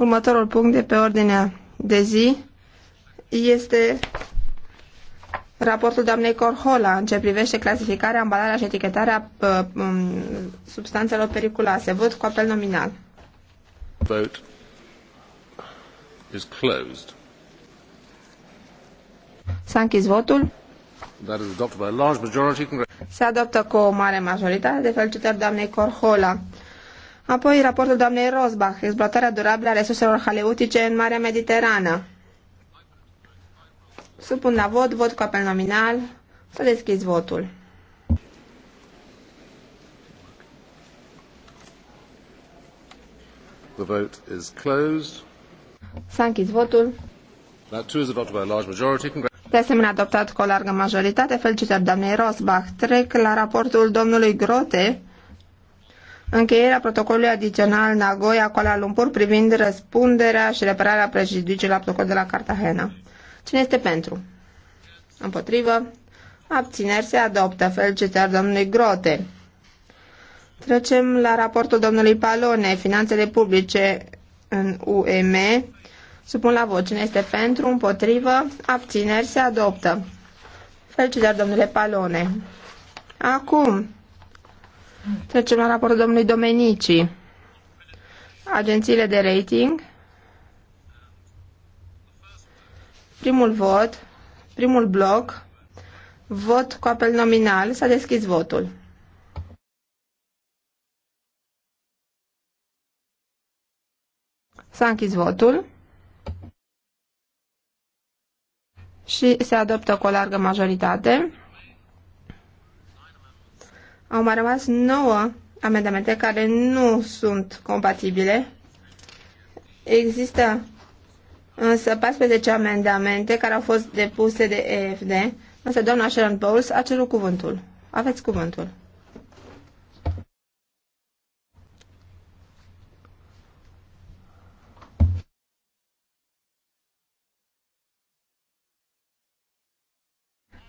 Următorul punct de pe ordinea de zi este raportul doamnei Corhola în ce privește clasificarea, ambalarea și etichetarea uh, um, substanțelor periculoase. Vot cu apel nominal. Vote is closed. S-a închis votul. That is adopted by a large majority. Se adoptă cu o mare majoritate. De felicitări doamnei Corhola. Apoi raportul doamnei Rosbach, exploatarea durabilă a resurselor haleutice în Marea Mediterană. Supun la vot, vot cu apel nominal. Să deschizi votul. The vote is closed. S-a închis votul. That too is adopted by a large majority. De asemenea, adoptat cu o largă majoritate. Felicitări doamnei Rosbach. Trec la raportul domnului Grote încheierea protocolului adițional Nagoya Kuala Lumpur privind răspunderea și repararea prejudiciului la protocol de la Cartagena. Cine este pentru? Împotrivă? Abțineri se adoptă. Felicitări domnului Grote. Trecem la raportul domnului Palone, finanțele publice în UEM. Supun la vot. Cine este pentru? Împotrivă? Abțineri se adoptă. Felicitări domnule Palone. Acum, Trecem la raportul domnului Domenici. Agențiile de rating. Primul vot, primul bloc, vot cu apel nominal. S-a deschis votul. S-a închis votul și se adoptă cu o largă majoritate. Au mai rămas 9 amendamente care nu sunt compatibile. Există însă 14 amendamente care au fost depuse de EFD, însă doamna Sharon Bowles a cerut cuvântul. Aveți cuvântul.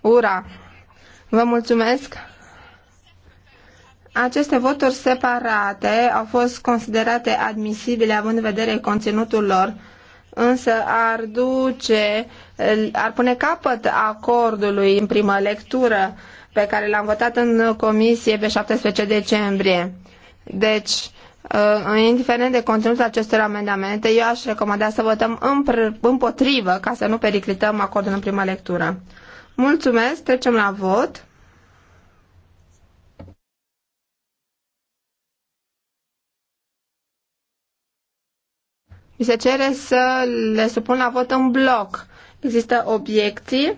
Ura! Vă mulțumesc! Aceste voturi separate au fost considerate admisibile având în vedere conținutul lor, însă ar duce, ar pune capăt acordului în primă lectură pe care l-am votat în comisie pe 17 decembrie. Deci, uh, indiferent de conținutul acestor amendamente, eu aș recomanda să votăm împotrivă ca să nu periclităm acordul în prima lectură. Mulțumesc, trecem la vot. Mi se cere să le supun la vot în bloc. Există obiecții?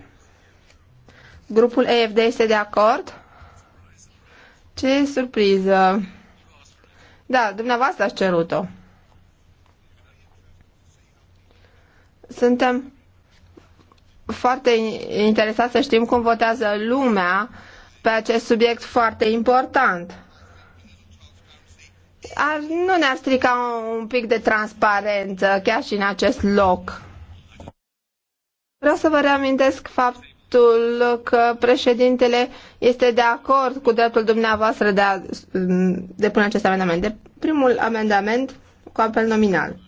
Grupul EFD este de acord? Ce surpriză! Da, dumneavoastră ați cerut-o. Suntem foarte interesați să știm cum votează lumea pe acest subiect foarte important ar, nu ne-ar strica un pic de transparență chiar și în acest loc. Vreau să vă reamintesc faptul că președintele este de acord cu dreptul dumneavoastră de a mm, depune acest amendament. De primul amendament cu apel nominal.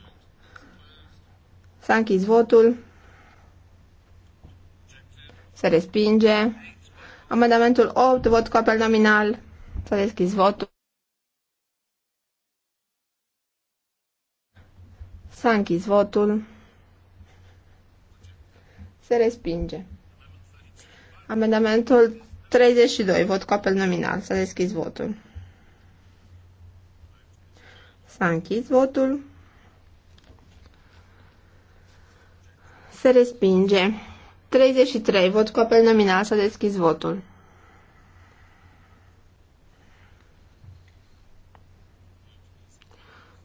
S-a închis votul. Se respinge. Amendamentul 8, vot cu apel nominal. S-a deschis votul. S-a închis votul. Se respinge. Amendamentul 32, vot cu apel nominal. S-a deschis votul. S-a închis votul. Se respinge. 33, vot cu apel nominal. S-a deschis votul.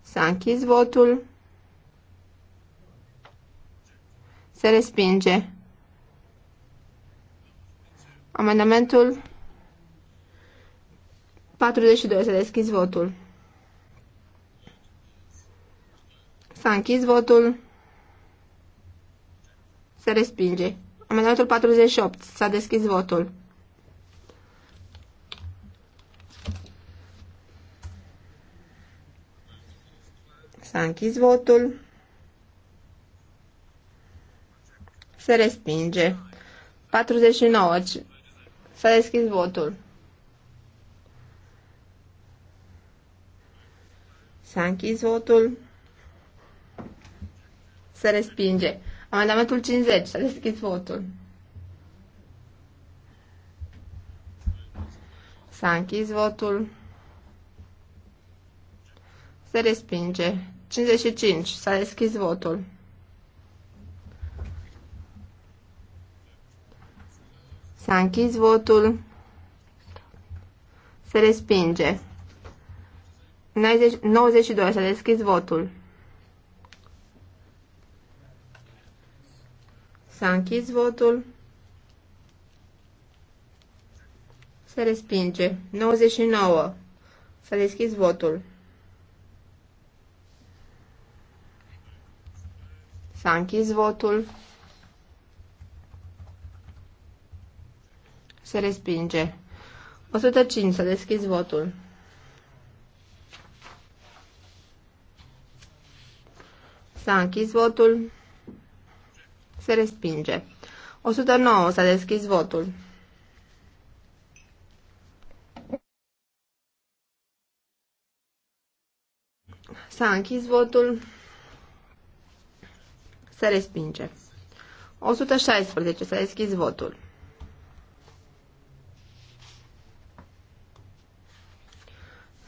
S-a închis votul. Se respinge. Amendamentul 42. se deschis votul. S-a închis votul. Se respinge. Amendamentul 48. S-a deschis votul. S-a închis votul. Se respinge. 49. S-a deschis votul. S-a închis votul. Se respinge. Amendamentul 50. S-a deschis votul. S-a închis votul. Se respinge. 55. S-a deschis votul. S-a închis votul. Se respinge. 92. S-a deschis votul. S-a închis votul. Se respinge. 99. S-a deschis votul. S-a închis votul. Se respinge. 105. Să deschizi votul. S-a închis votul. Se respinge. 109. S-a deschis votul. S-a închis votul. Se respinge. 116. S-a deschis votul.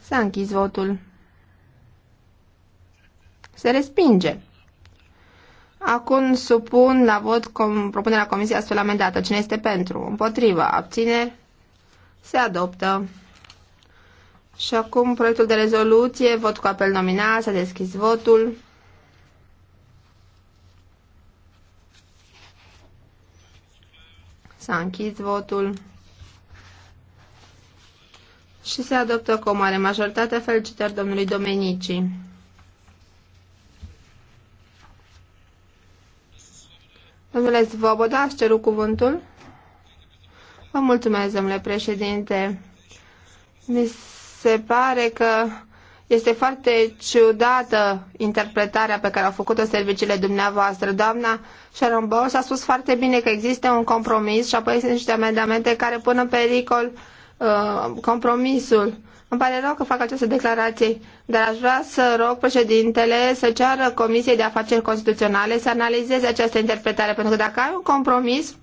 S-a închis votul. Se respinge. Acum supun la vot com, propunerea comisiei astfel amendată. Cine este pentru? Împotrivă. Abțineri? Se adoptă. Și acum proiectul de rezoluție, vot cu apel nominal, s-a deschis votul. S-a închis votul și se adoptă cu o mare majoritate. Felicitări domnului Domenici. Domnule Svoboda, ați cerut cuvântul? Vă mulțumesc, domnule președinte. Mi se pare că este foarte ciudată interpretarea pe care au făcut-o serviciile dumneavoastră. Doamna Sharon Bowles a spus foarte bine că există un compromis și apoi sunt niște amendamente care pun în pericol uh, Uh, compromisul. Îmi pare rău că fac această declarație, dar aș vrea să rog președintele să ceară Comisiei de Afaceri Constituționale să analizeze această interpretare, pentru că dacă ai un compromis,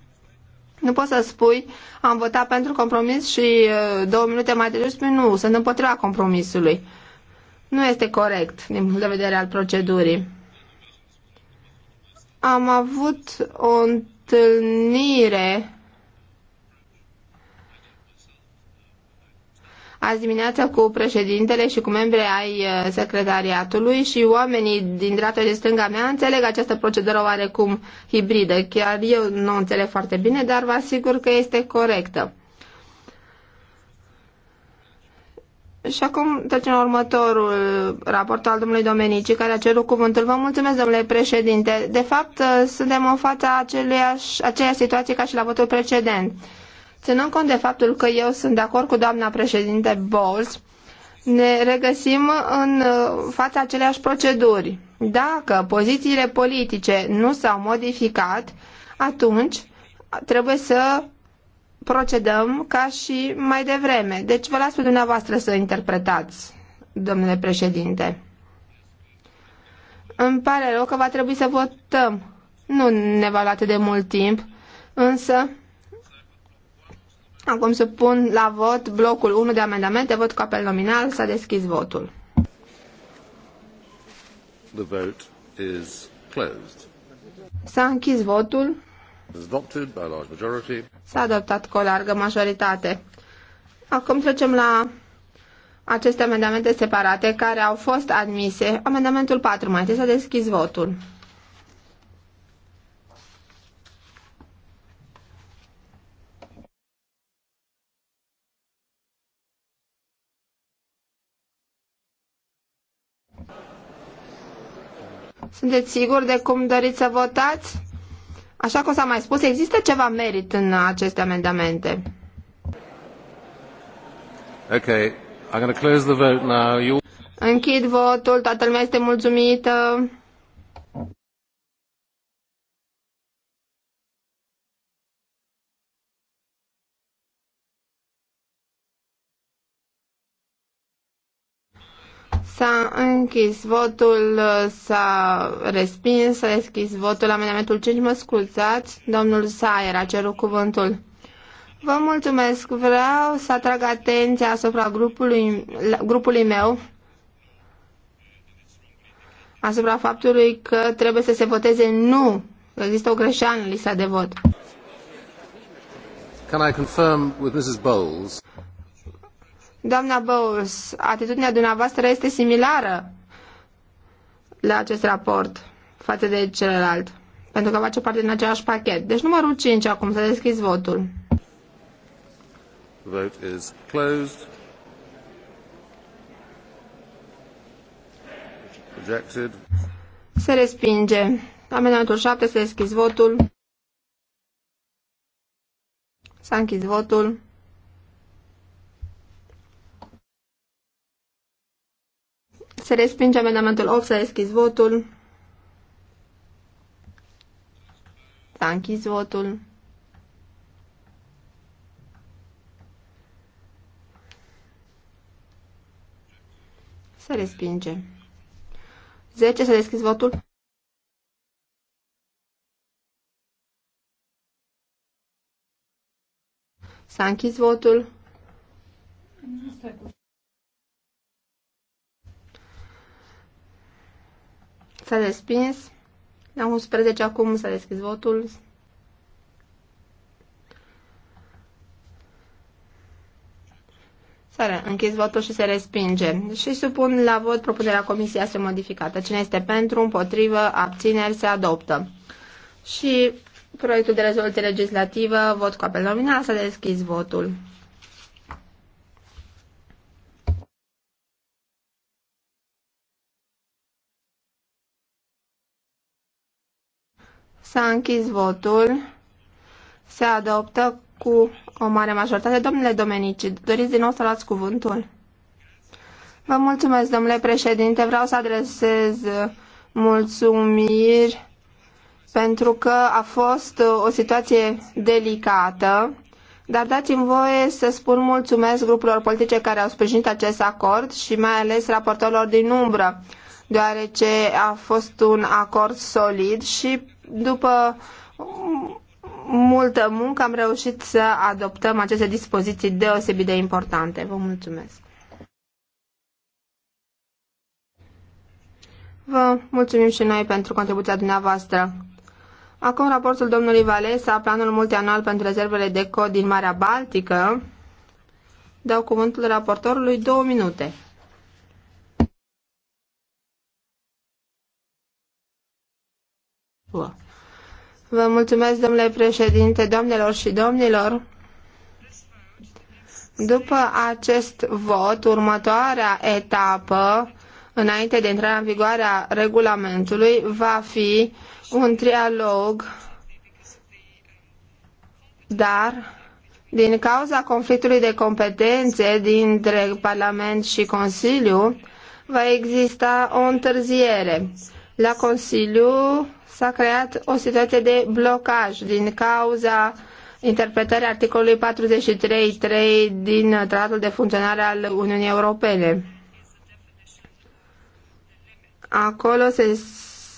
nu poți să spui am votat pentru compromis și uh, două minute mai târziu spui nu, sunt împotriva compromisului. Nu este corect din punct de vedere al procedurii. Am avut o întâlnire azi dimineața cu președintele și cu membrii ai uh, secretariatului și oamenii din dreapta și stânga mea înțeleg această procedură oarecum hibridă. Chiar eu nu o înțeleg foarte bine, dar vă asigur că este corectă. Și acum trecem la următorul raport al domnului Domenici, care a cerut cuvântul. Vă mulțumesc, domnule președinte. De fapt, uh, suntem în fața aceleiași, aceleiași situație ca și la votul precedent. Ținând cont de faptul că eu sunt de acord cu doamna președinte Bowles, ne regăsim în uh, fața aceleași proceduri. Dacă pozițiile politice nu s-au modificat, atunci trebuie să procedăm ca și mai devreme. Deci vă las pe dumneavoastră să interpretați, domnule președinte. Îmi pare rău că va trebui să votăm. Nu ne va lua atât de mult timp, însă Acum pun la vot blocul 1 de amendamente, vot cu apel nominal, s-a deschis votul. The vote is closed. S-a închis votul. S-a adoptat cu o largă majoritate. Acum trecem la aceste amendamente separate care au fost admise. Amendamentul 4 mai întâi s-a deschis votul. Sunteți siguri de cum doriți să votați? Așa cum s-a mai spus, există ceva merit în aceste amendamente. Okay. I'm going to close the vote now. You... Închid votul, toată lumea este mulțumită. S-a închis votul, s-a respins, s-a deschis votul, amendamentul 5, mă scuzați, domnul Saier a cerut cuvântul. Vă mulțumesc, vreau să atrag atenția asupra grupului, grupului meu, asupra faptului că trebuie să se voteze nu, că există o greșeală în lista de vot. Can I confirm with Mrs. Bowles? Doamna Bowles, atitudinea dumneavoastră este similară la acest raport față de celălalt, pentru că face parte din același pachet. Deci numărul 5 acum, să deschis votul. Vote is closed. Rejected. Se respinge. Amendamentul 7 se deschis votul. S-a închis votul. Se respinge amendamentul 8, s-a deschis votul. S-a închis votul. Se respinge. 10, s-a deschis votul. S-a închis votul. S-a respins. La 11 acum s-a deschis votul. S-a închis votul și se respinge. Și supun la vot propunerea comisiei astfel modificată. Cine este pentru, împotrivă, abțineri, se adoptă. Și proiectul de rezoluție legislativă, vot cu apel nominal, s-a deschis votul. S-a închis votul. Se adoptă cu o mare majoritate. Domnule Domenici, doriți din nou să luați cuvântul? Vă mulțumesc, domnule președinte. Vreau să adresez mulțumiri pentru că a fost o situație delicată, dar dați-mi voie să spun mulțumesc grupurilor politice care au sprijinit acest acord și mai ales raportorilor din umbră, deoarece a fost un acord solid și după multă muncă am reușit să adoptăm aceste dispoziții deosebit de importante. Vă mulțumesc! Vă mulțumim și noi pentru contribuția dumneavoastră. Acum raportul domnului Valesa, planul multianual pentru rezervele de cod din Marea Baltică. Dau cuvântul raportorului două minute. Bă. Vă mulțumesc, domnule președinte, doamnelor și domnilor. După acest vot, următoarea etapă, înainte de intrarea în vigoare a regulamentului, va fi un trialog, dar din cauza conflictului de competențe dintre Parlament și Consiliu, va exista o întârziere. La Consiliu, s-a creat o situație de blocaj din cauza interpretării articolului 43.3 din Tratatul de Funcționare al Uniunii Europene. Acolo se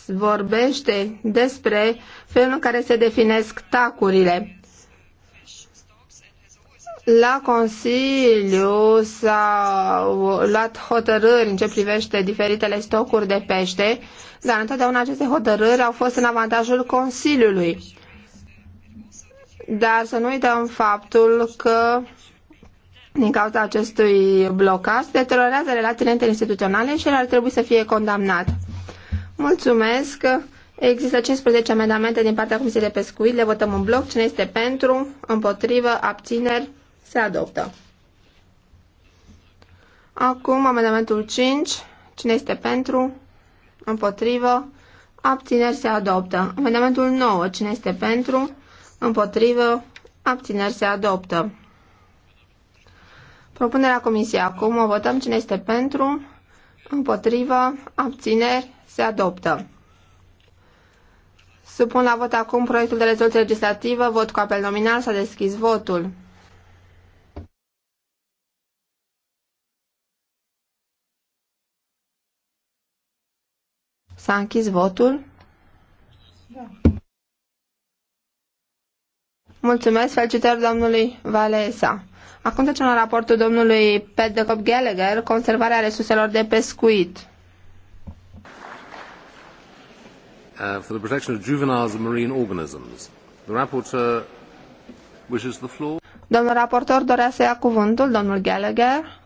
vorbește despre felul în care se definesc tacurile. La Consiliu s-au luat hotărâri în ce privește diferitele stocuri de pește, dar întotdeauna aceste hotărâri au fost în avantajul Consiliului. Dar să nu uităm faptul că din cauza acestui blocaj deteriorează relațiile interinstituționale și el ar trebui să fie condamnat. Mulțumesc! Există 15 amendamente din partea Comisiei de Pescuit. Le votăm în bloc. Cine este pentru? Împotrivă? Abțineri? Se adoptă. Acum amendamentul 5. Cine este pentru? Împotrivă. Abțineri se adoptă. Amendamentul 9. Cine este pentru? Împotrivă. Abțineri se adoptă. Propunerea comisiei acum. O votăm cine este pentru. Împotrivă. Abțineri se adoptă. Supun la vot acum proiectul de rezoluție legislativă. Vot cu apel nominal. S-a deschis votul. S-a închis votul? Da. Mulțumesc, felicitări domnului Valesa. Acum trecem la raportul domnului Pat de Cop Gallagher, conservarea resurselor de pescuit. Uh, for the protection of juveniles and marine organisms. The rapporteur wishes the floor. Domnul raportor dorea să ia cuvântul, domnul Gallagher.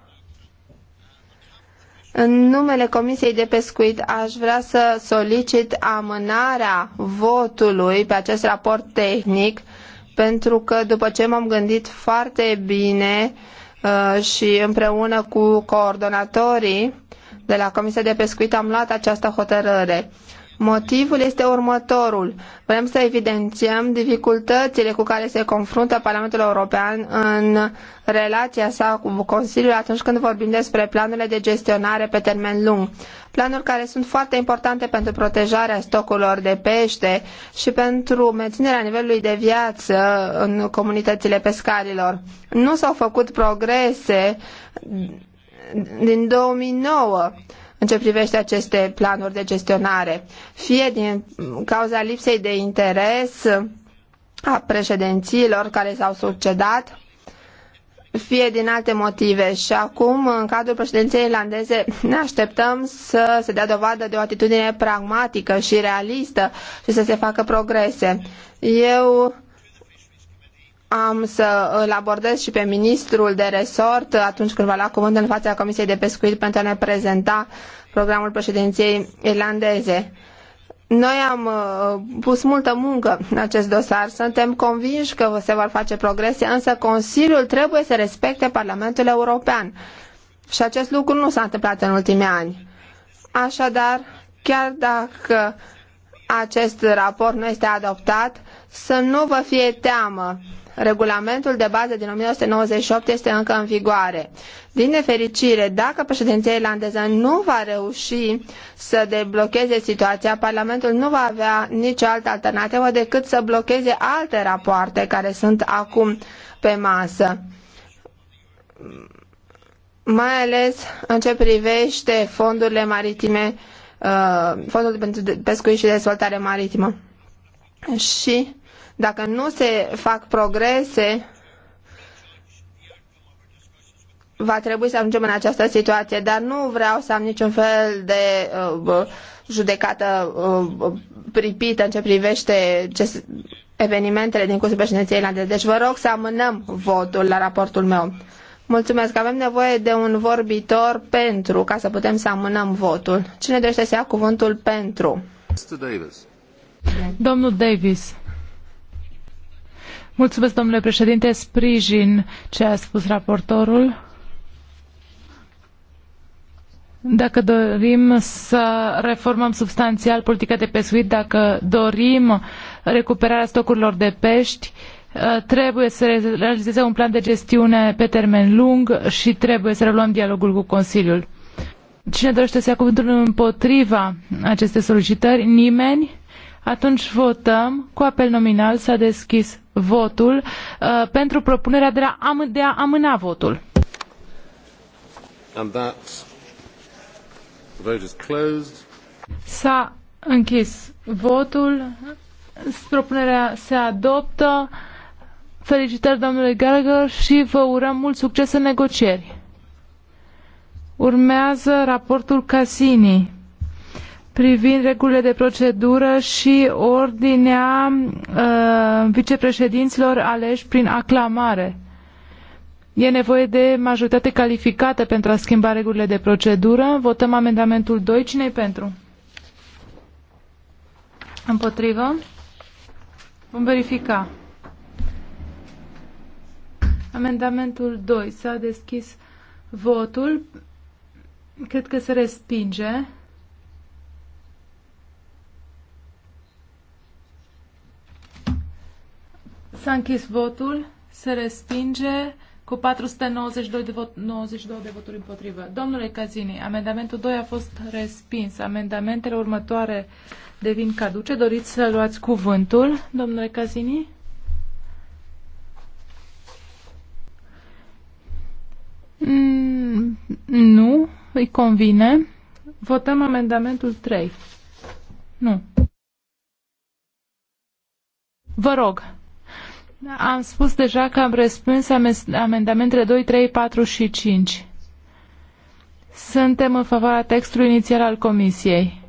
În numele Comisiei de Pescuit aș vrea să solicit amânarea votului pe acest raport tehnic, pentru că după ce m-am gândit foarte bine uh, și împreună cu coordonatorii de la Comisia de Pescuit am luat această hotărâre. Motivul este următorul. Vrem să evidențiem dificultățile cu care se confruntă Parlamentul European în relația sa cu Consiliul atunci când vorbim despre planurile de gestionare pe termen lung. Planuri care sunt foarte importante pentru protejarea stocurilor de pește și pentru menținerea nivelului de viață în comunitățile pescarilor. Nu s-au făcut progrese din 2009 în ce privește aceste planuri de gestionare, fie din cauza lipsei de interes a președinților care s-au succedat, fie din alte motive. Și acum, în cadrul președinției irlandeze, ne așteptăm să se dea dovadă de o atitudine pragmatică și realistă și să se facă progrese. Eu am să îl abordez și pe ministrul de resort atunci când va lua cuvântul în fața Comisiei de Pescuit pentru a ne prezenta programul președinției irlandeze. Noi am uh, pus multă muncă în acest dosar, suntem convinși că se vor face progrese, însă Consiliul trebuie să respecte Parlamentul European. Și acest lucru nu s-a întâmplat în ultimii ani. Așadar, chiar dacă acest raport nu este adoptat, să nu vă fie teamă Regulamentul de bază din 1998 este încă în vigoare. Din nefericire, dacă președinția irlandeză nu va reuși să deblocheze situația, Parlamentul nu va avea nicio altă alternativă decât să blocheze alte rapoarte care sunt acum pe masă mai ales în ce privește fondurile maritime, uh, fondul pentru pescuit și dezvoltare maritimă. Și dacă nu se fac progrese, va trebui să ajungem în această situație, dar nu vreau să am niciun fel de uh, judecată uh, pripită în ce privește ce, evenimentele din cursul președinției irlandeze. Deci vă rog să amânăm votul la raportul meu. Mulțumesc. Avem nevoie de un vorbitor pentru ca să putem să amânăm votul. Cine dorește să ia cuvântul pentru? Mr. Davis. Domnul Davis. Mulțumesc, domnule președinte. Sprijin ce a spus raportorul. Dacă dorim să reformăm substanțial politica de pescuit, dacă dorim recuperarea stocurilor de pești, uh, trebuie să realizeze un plan de gestiune pe termen lung și trebuie să reluăm dialogul cu Consiliul. Cine dorește să ia cuvântul împotriva acestei solicitări? Nimeni? Atunci votăm. Cu apel nominal s-a deschis votul uh, pentru propunerea de a, am, de a amâna votul. And that vote is closed. S-a închis votul. Propunerea se adoptă. Felicitări domnului Gallagher și vă urăm mult succes în negocieri. Urmează raportul Casini privind regulile de procedură și ordinea uh, vicepreședinților aleși prin aclamare. E nevoie de majoritate calificată pentru a schimba regulile de procedură. Votăm amendamentul 2. Cine-i pentru? Împotrivă? Vom verifica. Amendamentul 2. S-a deschis votul. Cred că se respinge. S-a închis votul, se respinge cu 492 de, vot, 92 de voturi împotrivă. Domnule Cazini, amendamentul 2 a fost respins. Amendamentele următoare devin caduce. Doriți să luați cuvântul, domnule Cazini? Mm, nu, îi convine. Votăm amendamentul 3. Nu. Vă rog. Am spus deja că am răspuns amendamentele 2, 3, 4 și 5. Suntem în favoarea textului inițial al Comisiei.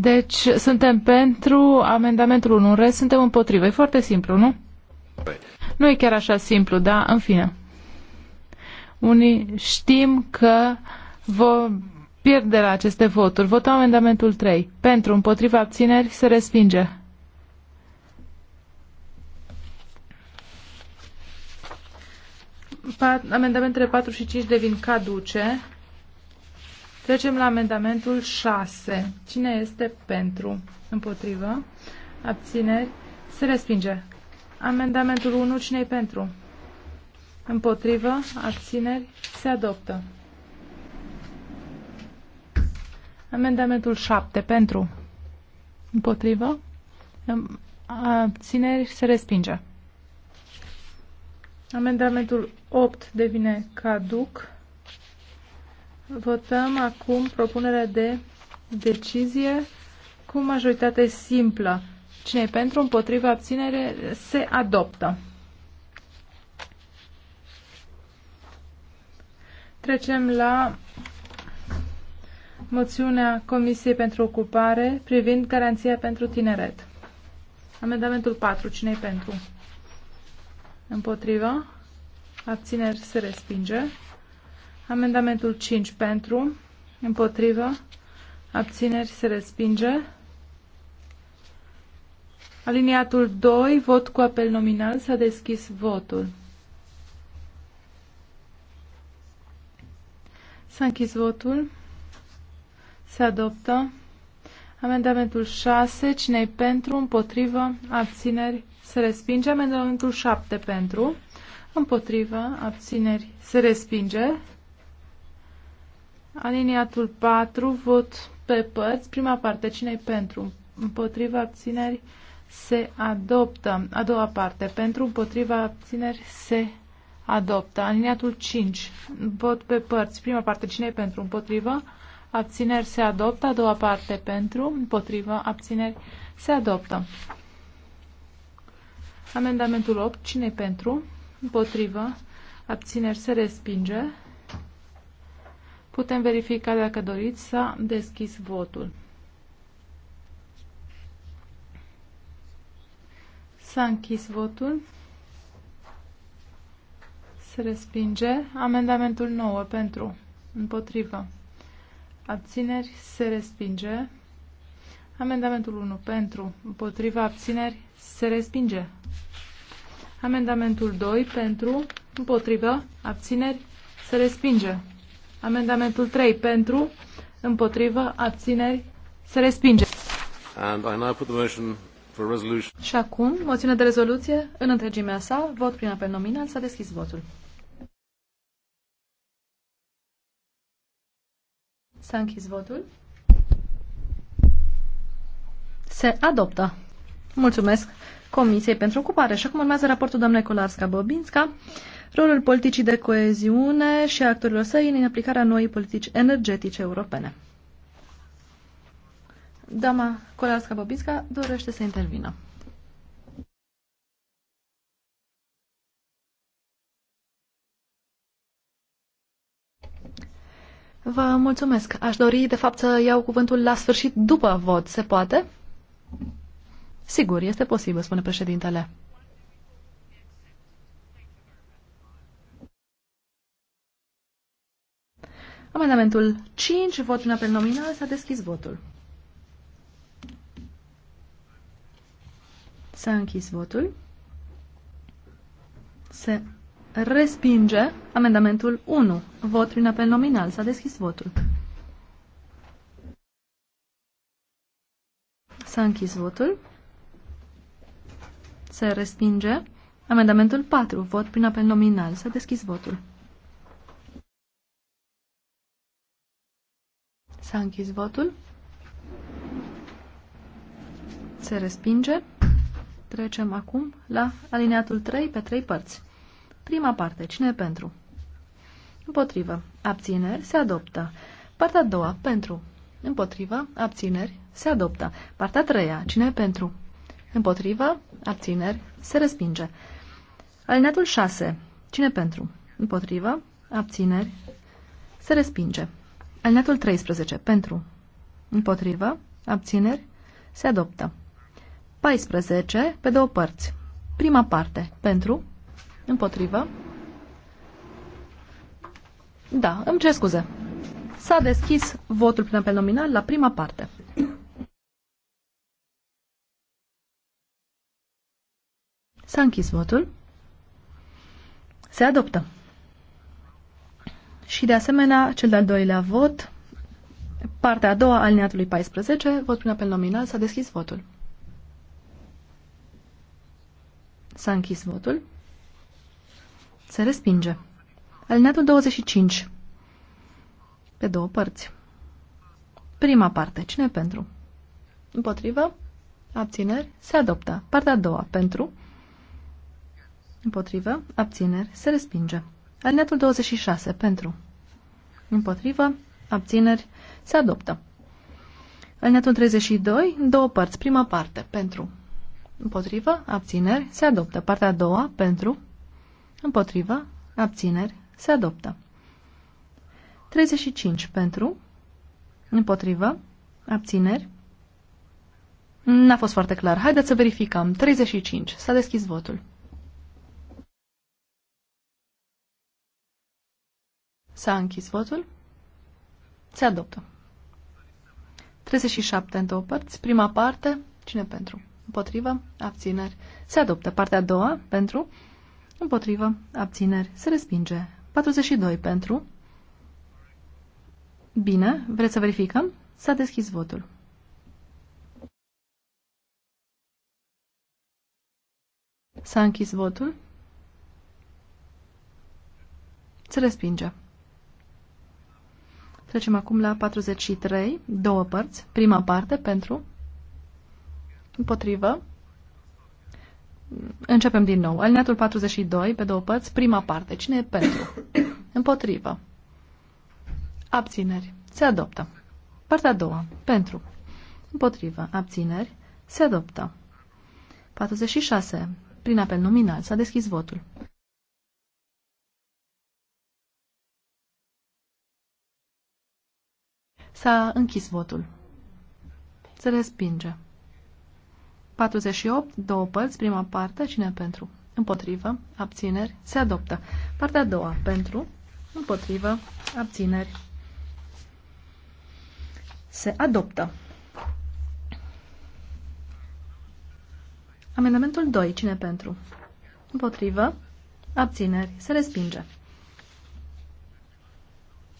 Deci suntem pentru amendamentul 1, în rest suntem împotrivă. E foarte simplu, nu? Nu e chiar așa simplu, da? În fine. Unii știm că vom pierde la aceste voturi. Votăm amendamentul 3. Pentru, împotriva abțineri, se respinge. Amendamentele 4 și 5 devin caduce. Trecem la amendamentul 6. Cine este pentru? Împotrivă. Abțineri. Se respinge. Amendamentul 1. cine e pentru? Împotrivă. Abțineri. Se adoptă. Amendamentul 7. Pentru. Împotrivă. Abțineri. Se respinge. Amendamentul 8 devine caduc. Votăm acum propunerea de decizie cu majoritate simplă. Cine e pentru, împotriva, abținere, se adoptă. Trecem la moțiunea Comisiei pentru Ocupare privind garanția pentru tineret. Amendamentul 4. Cine e pentru? Împotriva. Abțineri se respinge. Amendamentul 5 pentru. împotriva, Abțineri se respinge. Aliniatul 2, vot cu apel nominal, s-a deschis votul. S-a închis votul. Se adoptă. Amendamentul 6, cine pentru, împotrivă, abțineri, se respinge. Amendamentul 7 pentru, împotrivă, abțineri, se respinge. Aliniatul 4, vot pe părți. Prima parte, cine pentru, împotrivă, abțineri, se adoptă. A doua parte, pentru, Împotrivă? abțineri, se adoptă. Aliniatul 5, vot pe părți. Prima parte, cine pentru, împotrivă, abțineri, abțineri se adoptă, a doua parte pentru, împotrivă, abțineri se adoptă. Amendamentul 8, cine pentru, împotrivă, abțineri se respinge. Putem verifica dacă doriți, să deschis votul. S-a închis votul. Se respinge. Amendamentul 9 pentru. Împotrivă abțineri, se respinge. Amendamentul 1 pentru, împotriva, abțineri, se respinge. Amendamentul 2 pentru, împotriva, abțineri, se respinge. Amendamentul 3 pentru, împotriva, abțineri, se respinge. And I now put the motion for resolution. Și acum, moțiunea de rezoluție în întregimea sa, vot prin apel nominal, s-a deschis votul. S-a închis votul. Se adoptă. Mulțumesc Comisiei pentru ocupare. Și acum urmează raportul doamnei colarska bobinska rolul politicii de coeziune și actorilor săi în aplicarea noii politici energetice europene. Doamna colarska bobinska dorește să intervină. Vă mulțumesc. Aș dori, de fapt, să iau cuvântul la sfârșit după vot. Se poate? Sigur, este posibil, spune președintele. Amendamentul 5, vot în apel nominal, s-a deschis votul. S-a închis votul. Se respinge amendamentul 1. Vot prin apel nominal. S-a deschis votul. S-a închis votul. Se respinge amendamentul 4. Vot prin apel nominal. S-a deschis votul. S-a închis votul. Se respinge. Trecem acum la alineatul 3 pe 3 părți. Prima parte. Cine pentru? Împotrivă. Abțineri. Se adoptă. Partea a doua. Pentru. Împotrivă. Abțineri. Se adoptă. Partea a treia. Cine pentru? Împotrivă. Abțineri. Se respinge. Alineatul 6. Cine pentru? Împotrivă. Abțineri. Se respinge. Alineatul 13. Pentru. Împotrivă. Abțineri. Se adoptă. 14. Pe două părți. Prima parte. Pentru. Împotrivă. Da, îmi cer scuze. S-a deschis votul prin apel nominal la prima parte. S-a închis votul. Se adoptă. Și de asemenea, cel de-al doilea vot, partea a doua alineatului 14, vot prin apel nominal, s-a deschis votul. S-a închis votul. Se respinge. Alineatul 25. Pe două părți. Prima parte. Cine pentru? Împotrivă. Abțineri. Se adoptă. Partea a doua. Pentru. Împotrivă. Abțineri. Se respinge. Alineatul 26. Pentru. Împotrivă. Abțineri. Se adoptă. Alineatul 32. Două părți. Prima parte. Pentru. Împotrivă. Abțineri. Se adoptă. Partea a doua. Pentru. Împotrivă. Abțineri. Se adoptă. 35 pentru. Împotrivă. Abțineri. N-a fost foarte clar. Haideți să verificăm. 35. S-a deschis votul. S-a închis votul. Se adoptă. 37 în două părți. Prima parte. Cine pentru? Împotrivă. Abțineri. Se adoptă. Partea a doua. Pentru. Împotrivă. Abțineri. Se respinge. 42 pentru. Bine. Vreți să verificăm? S-a deschis votul. S-a închis votul. Se respinge. Trecem acum la 43, două părți. Prima parte pentru, împotrivă, Începem din nou. Alineatul 42, pe două părți, prima parte. Cine e pentru? Împotrivă. Abțineri. Se adoptă. Partea a doua. Pentru. Împotrivă. Abțineri. Se adoptă. 46. Prin apel nominal s-a deschis votul. S-a închis votul. Se respinge. 48, două părți, prima parte, cine pentru? Împotrivă, abțineri, se adoptă. Partea a doua, pentru, împotrivă, abțineri, se adoptă. Amendamentul 2, cine pentru? Împotrivă, abțineri, se respinge.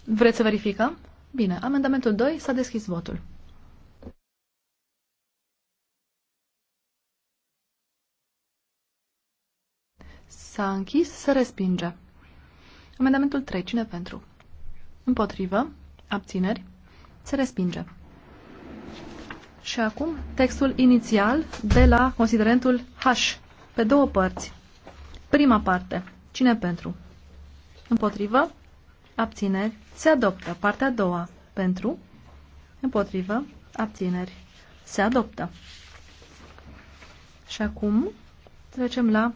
Vreți să verificăm? Bine, amendamentul 2 s-a deschis votul. S-a închis, se respinge. Amendamentul 3. Cine pentru? Împotrivă. Abțineri. Se respinge. Și acum textul inițial de la considerentul H, pe două părți. Prima parte. Cine pentru? Împotrivă. Abțineri. Se adoptă. Partea a doua. Pentru. Împotrivă. Abțineri. Se adoptă. Și acum trecem la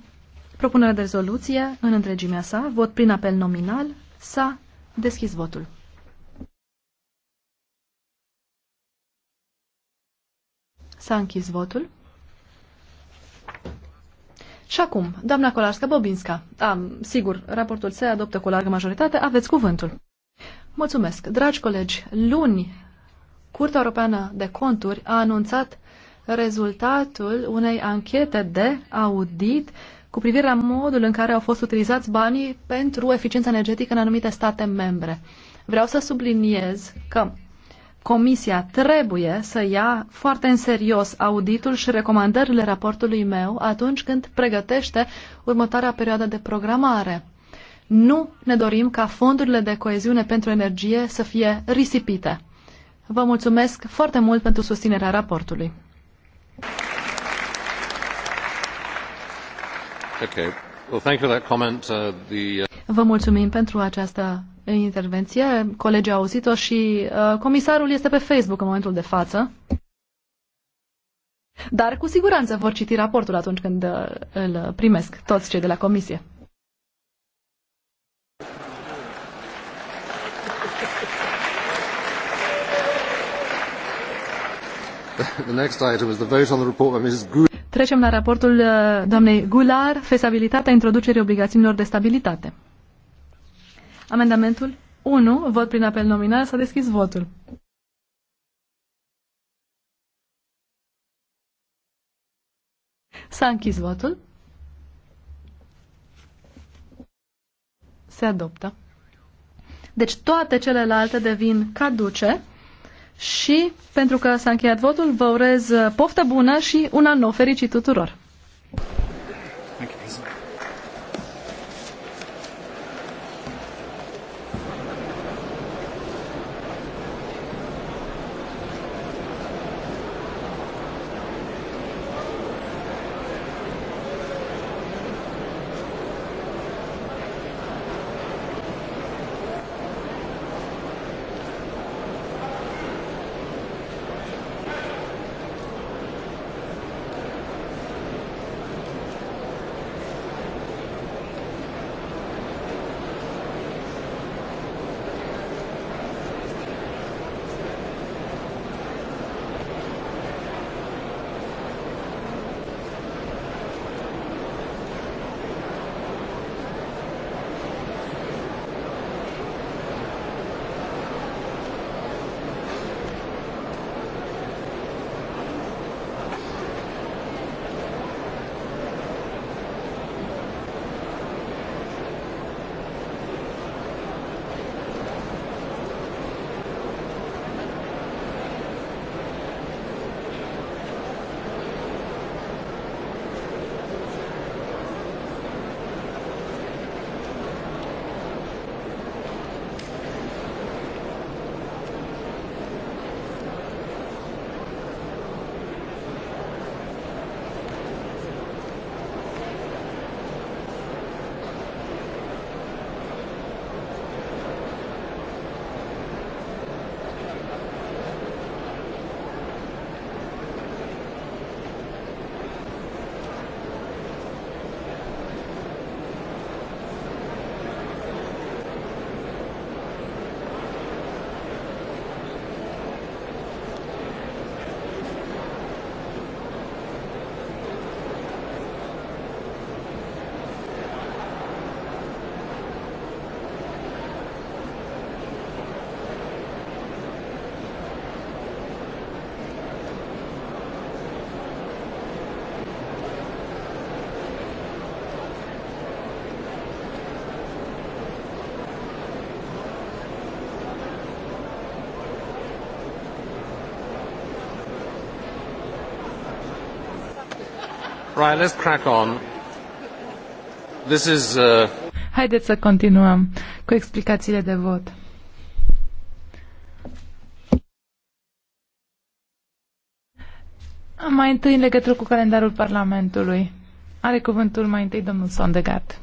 Propunerea de rezoluție în întregimea sa, vot prin apel nominal, s-a deschis votul. S-a închis votul. Și acum, doamna Kolarska-Bobinska, a, da, sigur, raportul se adoptă cu largă majoritate, aveți cuvântul. Mulțumesc. Dragi colegi, luni, Curtea Europeană de Conturi a anunțat rezultatul unei anchete de audit cu privire la modul în care au fost utilizați banii pentru eficiența energetică în anumite state membre. Vreau să subliniez că Comisia trebuie să ia foarte în serios auditul și recomandările raportului meu atunci când pregătește următoarea perioadă de programare. Nu ne dorim ca fondurile de coeziune pentru energie să fie risipite. Vă mulțumesc foarte mult pentru susținerea raportului. Vă mulțumim pentru această intervenție. Colegii au auzit-o și uh, comisarul este pe Facebook în momentul de față. Dar cu siguranță vor citi raportul atunci când uh, îl primesc toți cei de la comisie. The next item is the vote on the report by Mrs. Good. Trecem la raportul uh, doamnei Gular, fezabilitatea introducerii obligațiunilor de stabilitate. Amendamentul 1, vot prin apel nominal, s-a deschis votul. S-a închis votul. Se adoptă. Deci toate celelalte devin caduce și pentru că s-a încheiat votul, vă urez poftă bună și un an nou fericit tuturor! Thank you. Right, let's crack on. This is, uh... Haideți să continuăm cu explicațiile de vot. Mai întâi în legătură cu calendarul Parlamentului. Are cuvântul mai întâi domnul Sondegat.